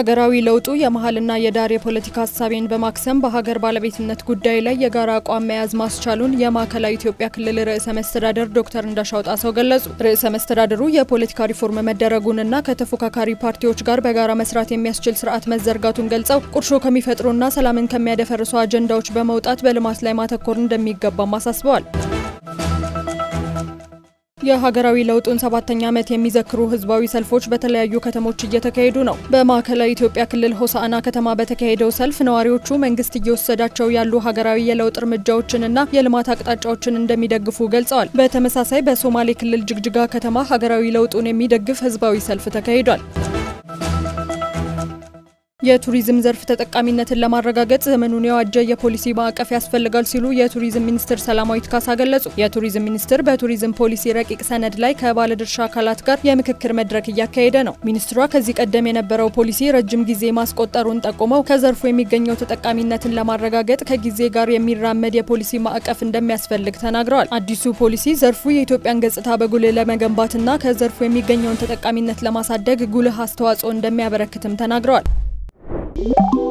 ሀገራዊ ለውጡ የመሀልና የዳር የፖለቲካ ሀሳቤን በማክሰም በሀገር ባለቤትነት ጉዳይ ላይ የጋራ አቋም መያዝ ማስቻሉን የማዕከላዊ ኢትዮጵያ ክልል ርዕሰ መስተዳደር ዶክተር እንዳሻው ጣሰው ገለጹ። ርዕሰ መስተዳደሩ የፖለቲካ ሪፎርም መደረጉንና ከተፎካካሪ ፓርቲዎች ጋር በጋራ መስራት የሚያስችል ስርዓት መዘርጋቱን ገልጸው ቁርሾ ከሚፈጥሩና ሰላምን ከሚያደፈርሱ አጀንዳዎች በመውጣት በልማት ላይ ማተኮር እንደሚገባም አሳስበዋል። የሀገራዊ ለውጡን ሰባተኛ ዓመት የሚዘክሩ ህዝባዊ ሰልፎች በተለያዩ ከተሞች እየተካሄዱ ነው። በማዕከላዊ ኢትዮጵያ ክልል ሆሳዕና ከተማ በተካሄደው ሰልፍ ነዋሪዎቹ መንግስት እየወሰዳቸው ያሉ ሀገራዊ የለውጥ እርምጃዎችንና የልማት አቅጣጫዎችን እንደሚደግፉ ገልጸዋል። በተመሳሳይ በሶማሌ ክልል ጅግጅጋ ከተማ ሀገራዊ ለውጡን የሚደግፍ ህዝባዊ ሰልፍ ተካሂዷል። የቱሪዝም ዘርፍ ተጠቃሚነትን ለማረጋገጥ ዘመኑን የዋጀ የፖሊሲ ማዕቀፍ ያስፈልጋል ሲሉ የቱሪዝም ሚኒስትር ሰላማዊት ካሳ ገለጹ። የቱሪዝም ሚኒስትር በቱሪዝም ፖሊሲ ረቂቅ ሰነድ ላይ ከባለድርሻ አካላት ጋር የምክክር መድረክ እያካሄደ ነው። ሚኒስትሯ ከዚህ ቀደም የነበረው ፖሊሲ ረጅም ጊዜ ማስቆጠሩን ጠቁመው ከዘርፉ የሚገኘው ተጠቃሚነትን ለማረጋገጥ ከጊዜ ጋር የሚራመድ የፖሊሲ ማዕቀፍ እንደሚያስፈልግ ተናግረዋል። አዲሱ ፖሊሲ ዘርፉ የኢትዮጵያን ገጽታ በጉልህ ለመገንባትና ከዘርፉ የሚገኘውን ተጠቃሚነት ለማሳደግ ጉልህ አስተዋጽኦ እንደሚያበረክትም ተናግረዋል። Música